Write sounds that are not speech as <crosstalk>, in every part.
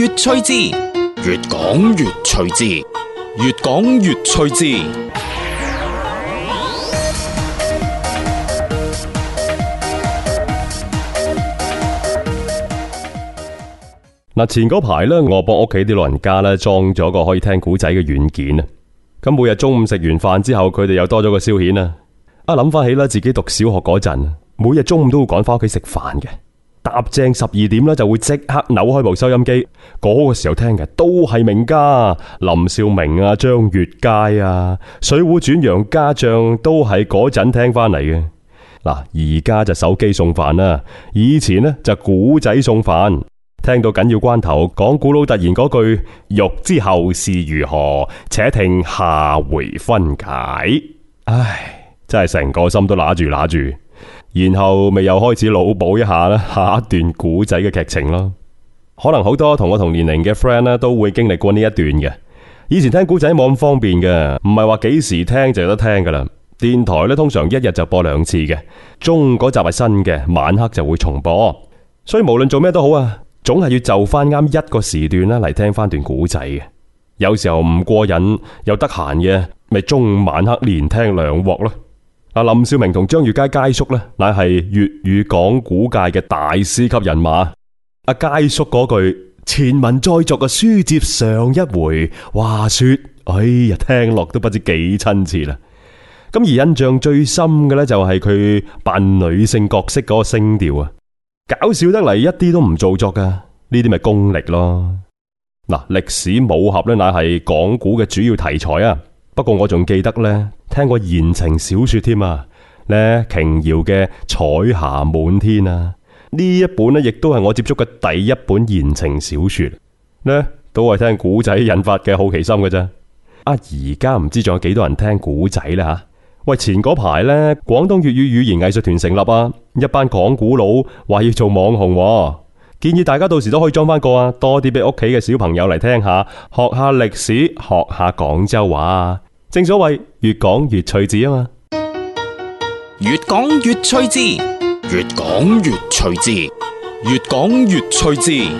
越趣致，越講越趣致，越講越趣致。嗱，前嗰排咧，我幫屋企啲老人家咧裝咗個可以聽古仔嘅軟件啊。咁每日中午食完飯之後，佢哋又多咗個消遣啊。一諗翻起咧，自己讀小學嗰陣，每日中午都會趕翻屋企食飯嘅。搭正十二點啦，就會即刻扭開部收音機，嗰個時候聽嘅都係名家林兆明啊、張悅楷啊，《水滸傳》楊家將都係嗰陣聽翻嚟嘅。嗱，而家就手機送飯啦，以前呢，就古仔送飯，聽到緊要關頭，講古佬突然嗰句欲知後事如何，且聽下回分解。唉，真係成個心都拿住拿住。然後咪又開始腦補一下啦，下一段古仔嘅劇情咯。可能好多同我同年齡嘅 friend 咧都會經歷過呢一段嘅。以前聽古仔冇咁方便嘅，唔係話幾時聽就有得聽噶啦。電台呢，通常一日就播兩次嘅，中午嗰集係新嘅，晚黑就會重播。所以無論做咩都好啊，總係要就翻啱一個時段啦，嚟聽翻段古仔嘅。有時候唔過癮又得閒嘅，咪中午晚黑連聽兩鑊咯。阿林少明同張月佳佳叔呢，乃係粵語講古界嘅大師級人馬。阿佳叔嗰句前文再續嘅書接上一回，話說，哎呀，聽落都不知幾親切啦。咁而印象最深嘅呢，就係佢扮女性角色嗰個聲調啊，搞笑得嚟一啲都唔做作噶，呢啲咪功力咯。嗱，歷史武俠呢，乃係講古嘅主要題材啊。不過我仲記得咧，聽過言情小說添啊，咧瓊瑤嘅《彩霞滿天》啊，呢一本咧亦都係我接觸嘅第一本言情小說咧，都係聽古仔引發嘅好奇心嘅啫。啊，而家唔知仲有幾多人聽古仔咧吓。喂，前嗰排呢，廣東粵語語言藝術團成立啊，一班講古佬話要做網紅啊，建議大家到時都可以裝翻個啊，多啲俾屋企嘅小朋友嚟聽下，學下歷史，學下廣州話。正所謂越講越趣致啊嘛，越講越趣致，越講越趣致，越講越趣致。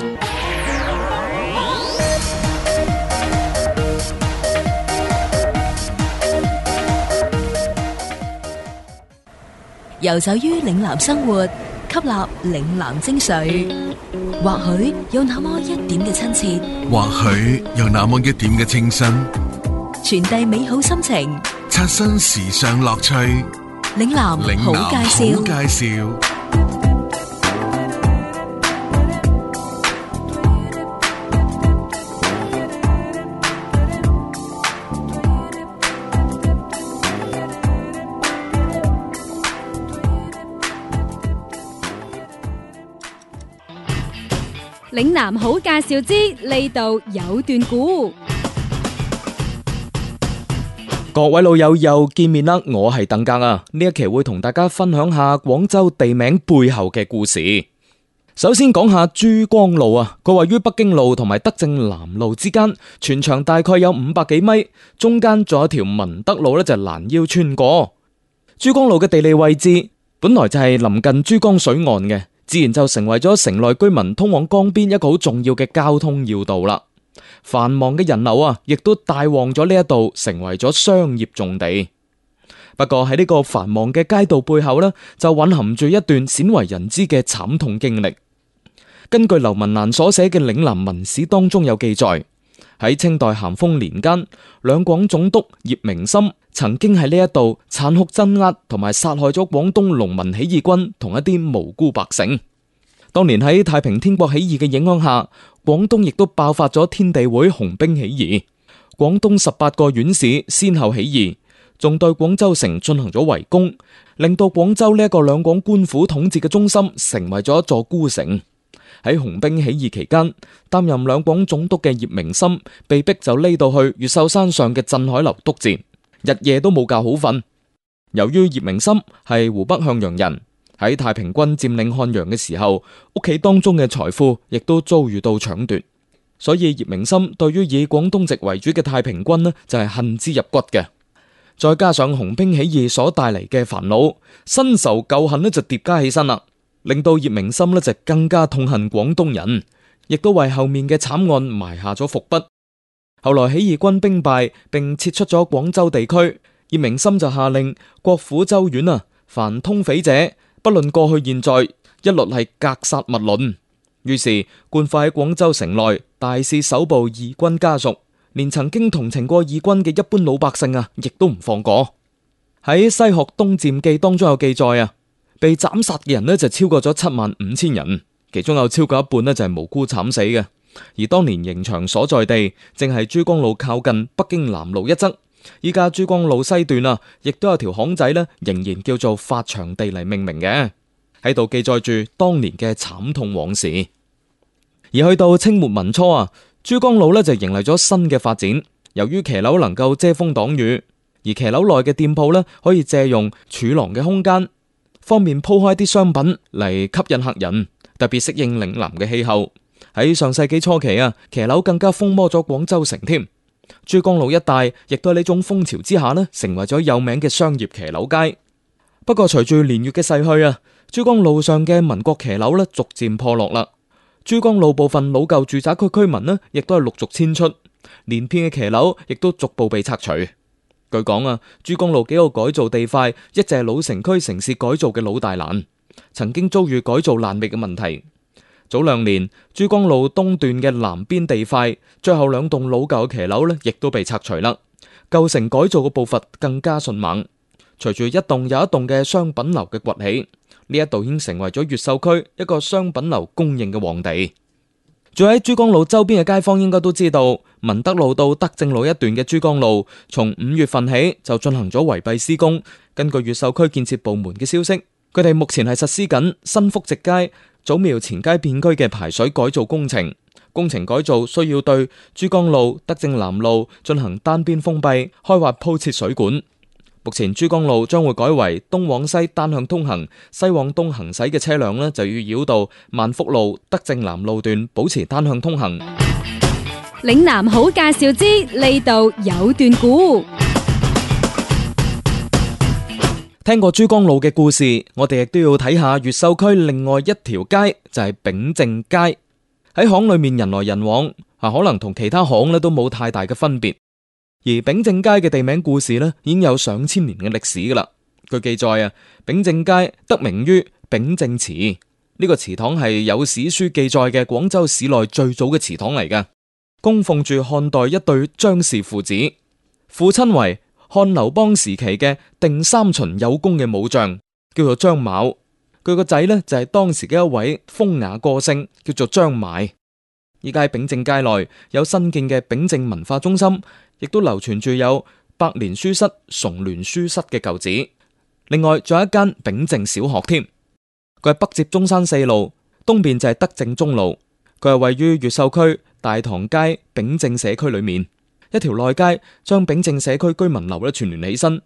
游走於嶺南生活，吸納嶺南精髓，或許有那麼一點嘅親切，或許有那麼一點嘅清新。傳遞美好心情，刷新時尚樂趣。嶺南好介紹，嶺南好介紹。嶺南好介紹之呢度有段古。各位老友又見面啦，我係鄧格啊，呢一期會同大家分享下廣州地名背後嘅故事。首先講下珠光路啊，佢位於北京路同埋德政南路之間，全長大概有五百幾米，中間仲有條文德路咧就攔腰穿過。珠光路嘅地理位置本來就係臨近珠江水岸嘅，自然就成為咗城內居民通往江邊一個好重要嘅交通要道啦。繁忙嘅人流啊，亦都大旺咗呢一度，成為咗商業重地。不過喺呢個繁忙嘅街道背後呢，就蘊含住一段鮮為人知嘅慘痛經歷。根據劉文瀾所寫嘅《嶺南文史》當中有記載，喺清代咸豐年間，兩廣總督葉名琛曾經喺呢一度殘酷鎮壓同埋殺害咗廣東農民起義軍同一啲無辜百姓。當年喺太平天國起義嘅影響下，廣東亦都爆發咗天地會紅兵起義，廣東十八個縣市先後起義，仲對廣州城進行咗圍攻，令到廣州呢一個兩廣官府統治嘅中心成為咗一座孤城。喺紅兵起義期間，擔任兩廣總督嘅葉名琛被逼，就匿到去越秀山上嘅鎮海樓督戰，日夜都冇覺好瞓。由於葉名琛係湖北向陽人。喺太平軍佔領漢陽嘅時候，屋企當中嘅財富亦都遭遇到搶奪，所以葉明心對於以廣東籍為主嘅太平軍呢就係恨之入骨嘅。再加上紅兵起義所帶嚟嘅煩惱，新仇舊恨呢就疊加起身啦，令到葉明心呢就更加痛恨廣東人，亦都為後面嘅慘案埋下咗伏筆。後來起義軍兵敗，並撤出咗廣州地區，葉明心就下令國府州縣啊，凡通匪者。不論過去、現在，一律係格殺勿論。於是，官化喺廣州城內大肆搜捕義軍家屬，連曾經同情過義軍嘅一般老百姓啊，亦都唔放過。喺《西學東漸記》當中有記載啊，被斬殺嘅人呢就超過咗七萬五千人，其中有超過一半呢就係無辜慘死嘅。而當年刑場所在地正係珠光路靠近北京南路一側。依家珠光路西段啊，亦都有條巷仔呢，仍然叫做發祥地嚟命名嘅，喺度記載住當年嘅慘痛往事。而去到清末民初啊，珠光路呢就迎嚟咗新嘅發展。由於騎樓能夠遮風擋雨，而騎樓內嘅店鋪呢，可以借用柱廊嘅空間，方便鋪開啲商品嚟吸引客人，特別適應嶺南嘅氣候。喺上世紀初期啊，騎樓更加風靡咗廣州城添。珠光路一帶亦都係呢種風潮之下呢，成為咗有名嘅商業騎樓街。不過隨住年月嘅逝去啊，珠光路上嘅民國騎樓呢，逐漸破落啦。珠光路部分老舊住宅區居民呢，亦都係陸續遷出，連片嘅騎樓亦都逐步被拆除。據講啊，珠光路幾個改造地塊，一直係老城區城市改造嘅老大難，曾經遭遇改造難覓嘅問題。早兩年，珠光路東段嘅南邊地塊，最後兩棟老舊嘅騎樓呢，亦都被拆除啦。舊城改造嘅步伐更加迅猛，隨住一棟又一棟嘅商品樓嘅崛起，呢一度已經成為咗越秀區一個商品樓供應嘅旺地。住喺珠光路周邊嘅街坊應該都知道，文德路到德政路一段嘅珠光路，從五月份起就進行咗圍蔽施工。根據越秀區建設部門嘅消息，佢哋目前係實施緊新福直街。祖廟前街片區嘅排水改造工程，工程改造需要對珠江路、德政南路進行單邊封閉，開挖鋪設水管。目前珠江路將會改為東往西單向通行，西往東行駛嘅車輛呢就要繞道萬福路，德政南路段保持單向通行。嶺南好介紹之，呢度有段古。聽過珠光路嘅故事，我哋亦都要睇下越秀區另外一條街，就係丙正街。喺巷裏面人來人往，啊，可能同其他巷咧都冇太大嘅分別。而丙正街嘅地名故事呢，已經有上千年嘅歷史噶啦。據記載啊，丙正街得名於丙正祠，呢個祠堂係有史書記載嘅廣州市內最早嘅祠堂嚟噶，供奉住漢代一對張氏父子，父親為。漢劉邦時期嘅定三秦有功嘅武將，叫做張卯，佢個仔呢，就係當時嘅一位風雅歌星，叫做張買。依家喺秉正街內有新建嘅秉正文化中心，亦都流傳住有百年書室、崇聯書室嘅舊址。另外仲有一間秉正小學添，佢係北接中山四路，東邊就係德政中路，佢係位於越秀區大塘街秉正社區裏面。一條內街將秉正社區居民樓咧串聯起身。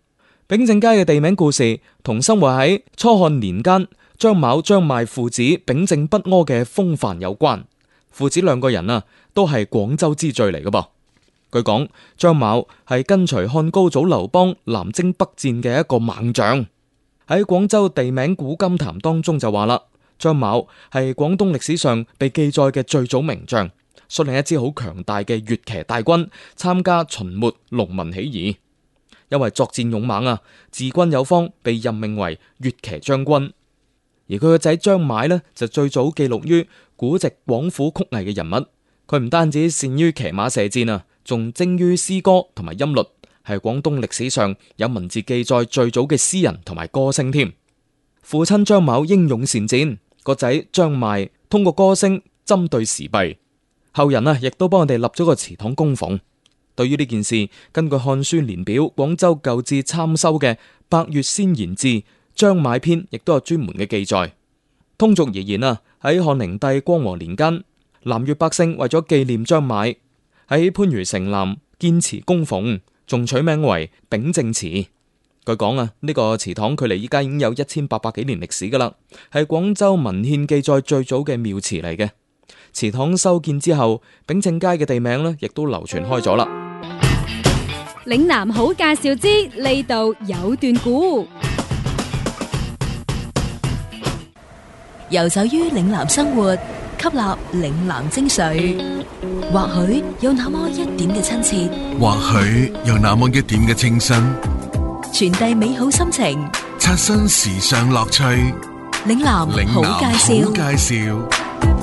秉正街嘅地名故事同生活喺初漢年間張某張買父子秉正不阿嘅風範有關。父子兩個人啊，都係廣州之最嚟嘅噃。據講，張某係跟隨漢高祖劉邦南征北戰嘅一個猛將。喺廣州地名古今談，當中就話啦，張某係廣東歷史上被記載嘅最早名將。率領一支好強大嘅越騎大軍參加秦末農民起義，因為作戰勇猛啊，治軍有方，被任命為越騎將軍。而佢個仔張買呢，就最早記錄於古籍廣府曲藝嘅人物。佢唔單止善於騎馬射箭啊，仲精於詩歌同埋音律，係廣東歷史上有文字記載最早嘅詩人同埋歌星添。父親張某英勇善戰，個仔張買通過歌聲針對時弊。後人啊，亦都幫我哋立咗個祠堂供奉。對於呢件事，根據《漢書·年表》《廣州舊志》參修嘅《百越先賢志·張買篇》，亦都有專門嘅記載。通俗而言啊，喺漢靈帝光和年間，南越百姓為咗紀念張買，喺番禺城南建祠供奉，仲取名為秉正祠。據講啊，呢、這個祠堂距離依家已經有一千八百幾年歷史噶啦，係廣州文獻記載最早嘅廟祠嚟嘅。祠堂修建之後，秉正街嘅地名呢，亦都流傳開咗啦。嶺南好介紹之，呢度有段古，遊走於嶺南生活，吸納嶺南精髓，或許有那麼一點嘅親切，或許有那麼一點嘅清新，傳遞美好心情，刷新時尚樂趣。嶺南好介紹，好介紹。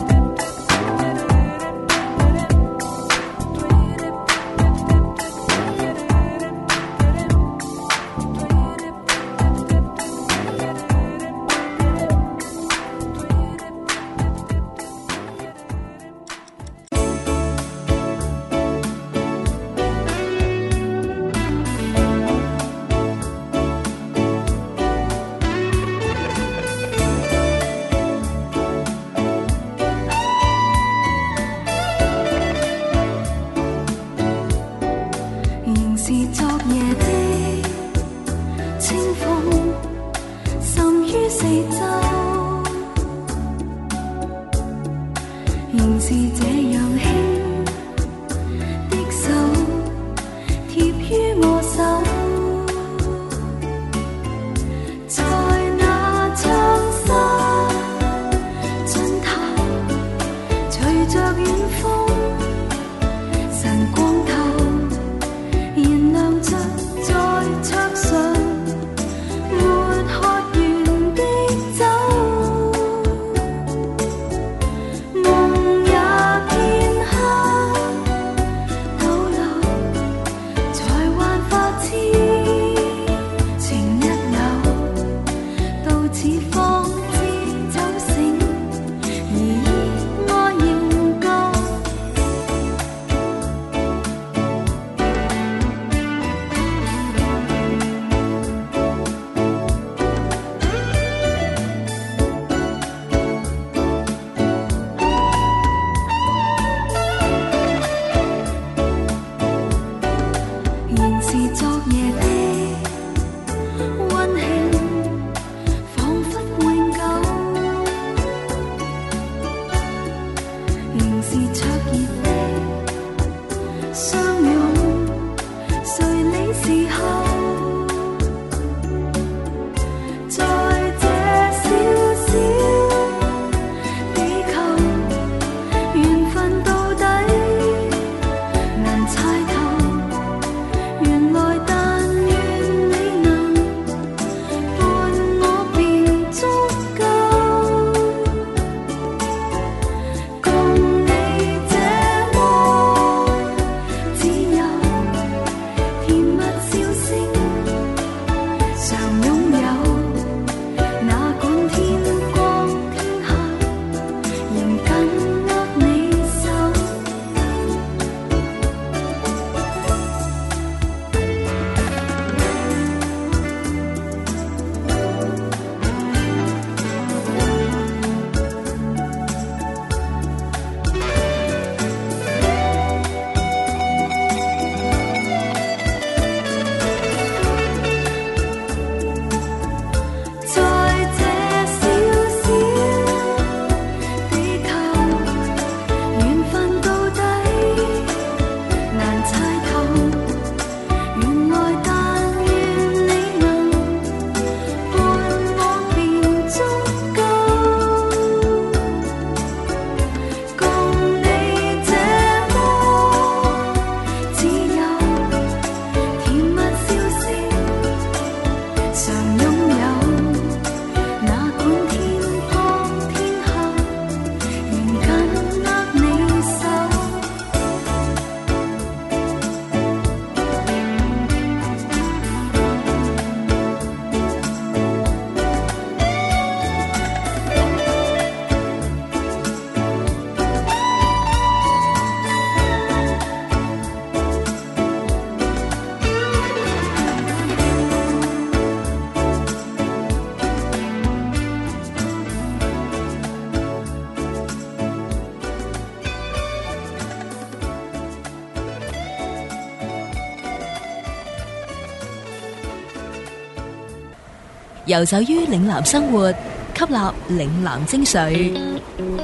遊走於嶺南生活，吸納嶺南精髓，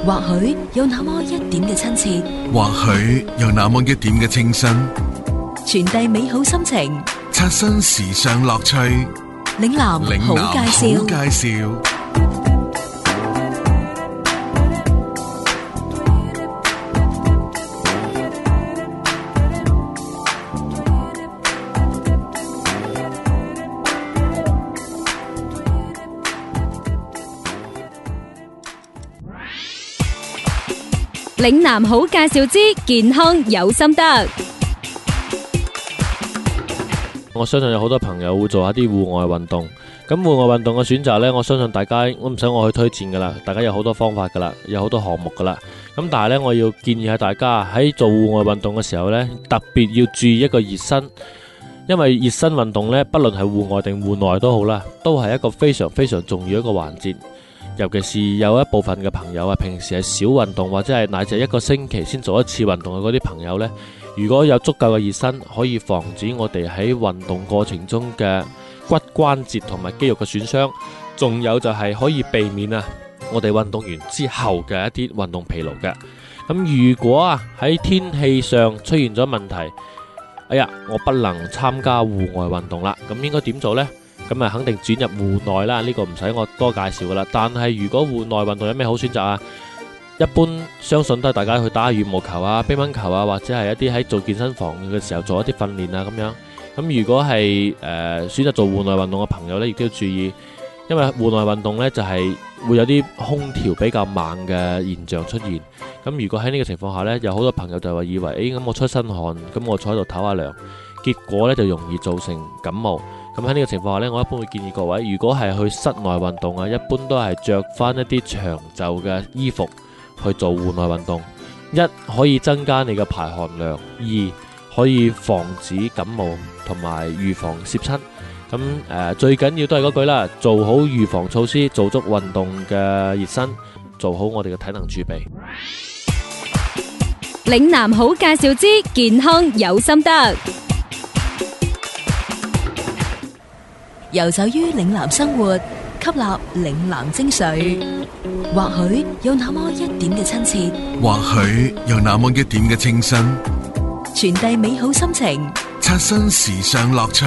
或許有那麼一點嘅親切，或許有那麼一點嘅清新，傳遞美好心情，刷新時尚樂趣。嶺南好介紹，嶺南好介紹。嶺南好介紹之健康有心得。我相信有好多朋友會做一啲戶外運動，咁戶外運動嘅選擇呢，我相信大家我唔使我去推薦噶啦，大家有好多方法噶啦，有好多項目噶啦。咁但係呢，我要建議下大家喺做戶外運動嘅時候呢，特別要注意一個熱身，因為熱身運動呢，不論係戶外定戶內都好啦，都係一個非常非常重要一個環節。尤其是有一部分嘅朋友啊，平時係少運動或者係乃至一個星期先做一次運動嘅嗰啲朋友咧，如果有足夠嘅熱身，可以防止我哋喺運動過程中嘅骨關節同埋肌肉嘅損傷，仲有就係可以避免啊我哋運動完之後嘅一啲運動疲勞嘅。咁如果啊喺天氣上出現咗問題，哎呀，我不能參加戶外運動啦，咁應該點做咧？咁啊，肯定轉入戶內啦，呢個唔使我多介紹噶啦。但係如果戶內運動有咩好選擇啊？一般相信都係大家去打下羽毛球啊、乒乓球啊，或者係一啲喺做健身房嘅時候做一啲訓練啊咁樣。咁如果係誒選擇做戶內運動嘅朋友呢，亦都要注意，因為戶內運動呢，就係會有啲空調比較猛嘅現象出現。咁如果喺呢個情況下呢，有好多朋友就話以為，誒咁我出身汗，咁我坐喺度唞下涼，結果呢就容易造成感冒。咁喺呢個情況下呢，我一般會建議各位，如果係去室內運動啊，一般都係着翻一啲長袖嘅衣服去做戶外運動。一可以增加你嘅排汗量，二可以防止感冒同埋預防攝親。咁誒、呃、最緊要都係嗰句啦，做好預防措施，做足運動嘅熱身，做好我哋嘅體能儲備。嶺南好介紹之健康有心得。遊走於嶺南生活，吸納嶺南精髓，或許有那麼一點嘅親切，或許有那麼一點嘅清新，傳遞美好心情，刷新時尚樂趣。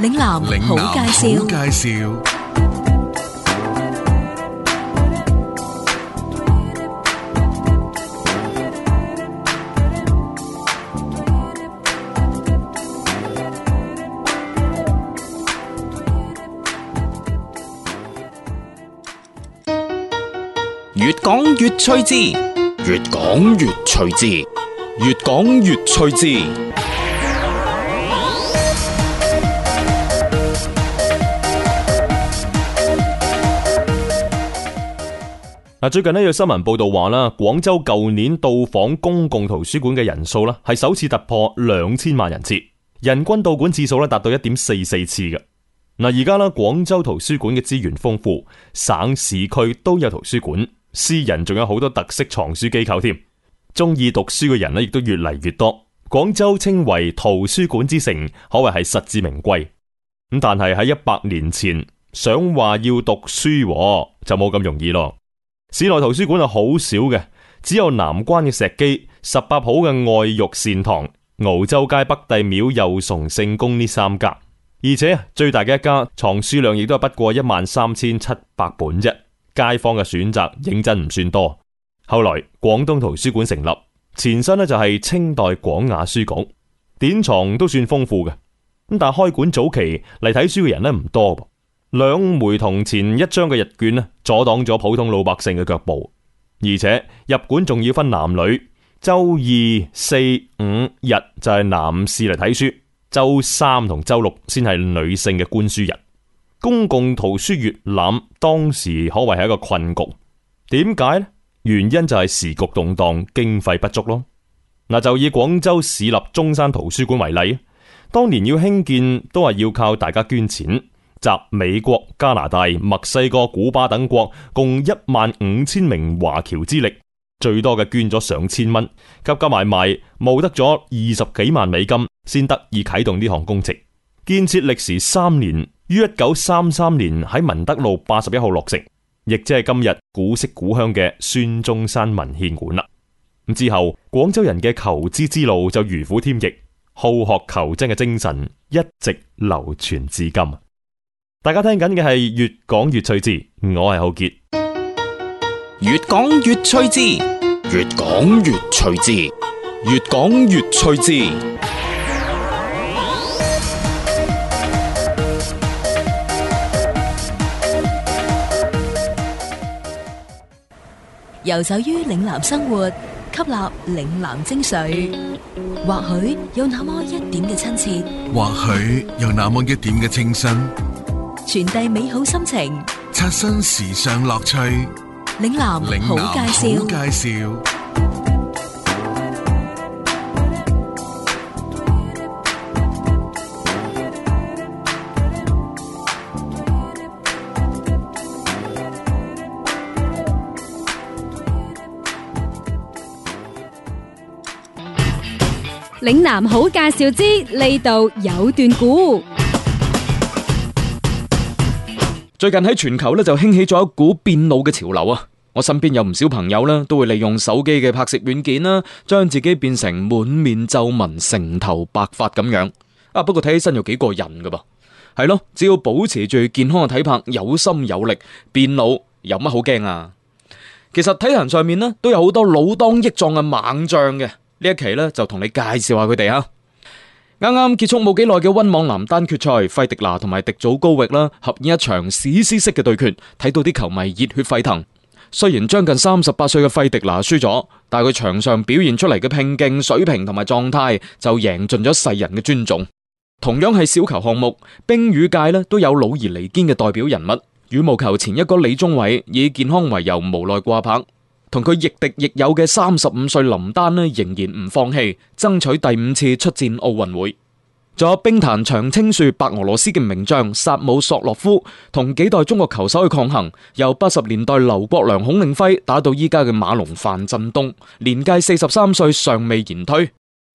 嶺南好介紹。講粵趣致，越講越趣致，越講越趣致。嗱，最近呢，有新聞報道話啦，廣州舊年到訪公共圖書館嘅人數啦，係首次突破兩千萬人次，人均到館次數咧達到一點四四次嘅。嗱，而家咧廣州圖書館嘅資源豐富，省市區都有圖書館。私人仲有好多特色藏書機構添，中意讀書嘅人呢，亦都越嚟越多。廣州稱為圖書館之城，可謂係實至名歸。咁但係喺一百年前，想話要讀書就冇咁容易咯。市內圖書館係好少嘅，只有南關嘅石基、十八甫嘅愛育善堂、鰲洲街北帝廟幼崇聖宮呢三家。而且最大嘅一家藏書量亦都係不過一萬三千七百本啫。街坊嘅選擇認真唔算多，後來廣東圖書館成立，前身呢就係清代廣雅書局，典藏都算豐富嘅，咁但係開館早期嚟睇書嘅人呢唔多，兩枚銅錢一張嘅日券呢，阻擋咗普通老百姓嘅腳步，而且入館仲要分男女，周二四五日就係男士嚟睇書，周三同周六先係女性嘅觀書日。公共圖書閱覽當時可謂係一個困局，點解呢？原因就係時局動盪，經費不足咯。嗱，就以廣州市立中山圖書館為例，當年要興建都係要靠大家捐錢，集美國、加拿大、墨西哥、古巴等國共一萬五千名華僑之力，最多嘅捐咗上千蚊，急急埋埋募得咗二十幾萬美金，先得以啟動呢項工程，建設歷時三年。於一九三三年喺文德路八十一號落成，亦即係今日古色古香嘅孫中山文獻館啦。之後，廣州人嘅求知之路就如虎添翼，好學求精嘅精神一直流傳至今。大家聽緊嘅係越講越趣之，我係浩杰，越講越趣之，越講越趣之，越講越趣之。越遊走於嶺南生活，吸納嶺南精髓，或許有那麼一點嘅親切，或許有那麼一點嘅清新，傳遞美好心情，刷新時尚樂趣。嶺南好介紹，好介紹。嶺南好介紹之，呢度有段古。最近喺全球咧，就興起咗一股變老嘅潮流啊！我身邊有唔少朋友呢，都會利用手機嘅拍攝軟件啦，將自己變成滿面皺紋、成頭白髮咁樣啊！不過睇起身又幾過癮噶噃，係咯，只要保持住健康嘅體魄，有心有力，變老有乜好驚啊？其實體壇上面呢，都有好多老當益壯嘅猛將嘅。呢一期咧，就同你介紹下佢哋啊。啱啱結束冇幾耐嘅温網男單決賽，費迪拿同埋迪祖高域啦，合演一場史詩式嘅對決，睇到啲球迷熱血沸騰。雖然將近三十八歲嘅費迪拿輸咗，但佢場上表現出嚟嘅拼勁水平同埋狀態，就贏盡咗世人嘅尊重。同樣係小球項目，乒羽界呢，都有老而彌堅嘅代表人物。羽毛球前一哥李宗偉以健康為由無奈掛拍。同佢亦敵亦友嘅三十五歲林丹呢，仍然唔放棄爭取第五次出戰奧運會。仲有冰壇長青樹白俄羅斯嘅名將薩姆索諾夫，同幾代中國球手去抗衡，由八十年代劉國梁、孔令輝打到依家嘅馬龍、范振東，年屆四十三歲尚未言退。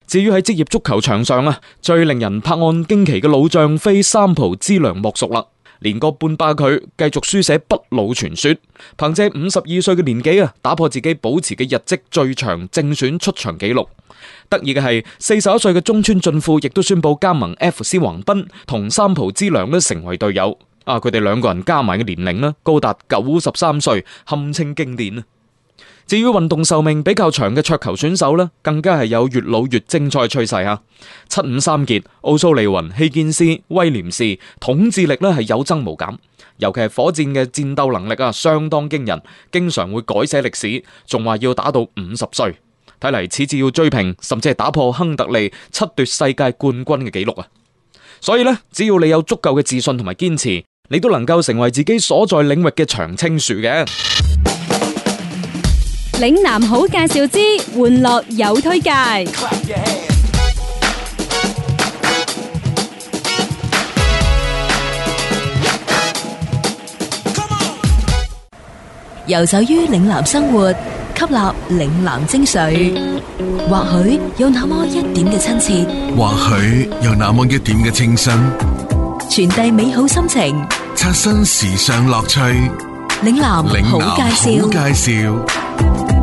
至於喺職業足球場上啊，最令人拍案驚奇嘅老將，非三浦知良莫屬啦。連個半百佢繼續書寫不老傳說，憑借五十二歲嘅年紀啊，打破自己保持嘅日職最長正選出場紀錄。得意嘅係四十一歲嘅中村俊輔亦都宣布加盟 F.C. 橫濱同三浦知良，咧，成為隊友。啊，佢哋兩個人加埋嘅年齡咧高達九十三歲，堪稱經典啊！至於運動壽命比較長嘅桌球選手呢，更加係有越老越精彩嘅趨勢哈。七五三傑奧蘇利雲、希堅斯、威廉士統治力呢係有增無減，尤其係火箭嘅戰鬥能力啊，相當驚人，經常會改寫歷史，仲話要打到五十歲，睇嚟此次要追平甚至係打破亨特利七奪世界冠軍嘅紀錄啊！所以呢，只要你有足夠嘅自信同埋堅持，你都能夠成為自己所在領域嘅長青樹嘅。嶺南好介紹之，玩樂有推介。遊走於嶺南生活，吸納嶺南精髓，或許有那麼一點嘅親切，或許有那麼一點嘅清新，傳遞美好心情，刷新時尚樂趣。嶺南好介紹。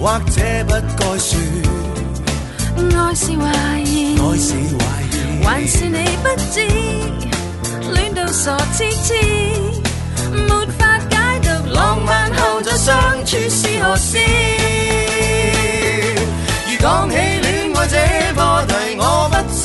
或者不該説，愛是懷疑，愛是懷疑，還是你不知，戀 <noise> 到傻痴痴，沒法解讀浪漫後再相處是何事？ <noise> 如講起戀愛這課題，我不需。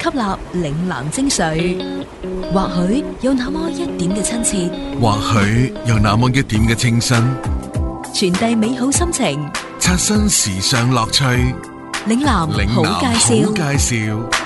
吸納嶺南精髓，或許有那麼一點嘅親切，或許有那麼一點嘅清新，傳遞美好心情，刷新時尚樂趣。嶺南好介紹，好介紹。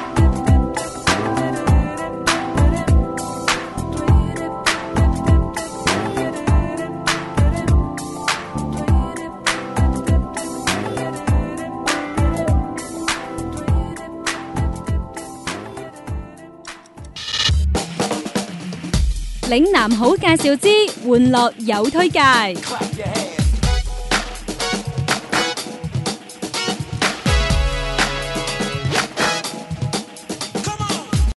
嶺南好介紹之，玩樂有推介。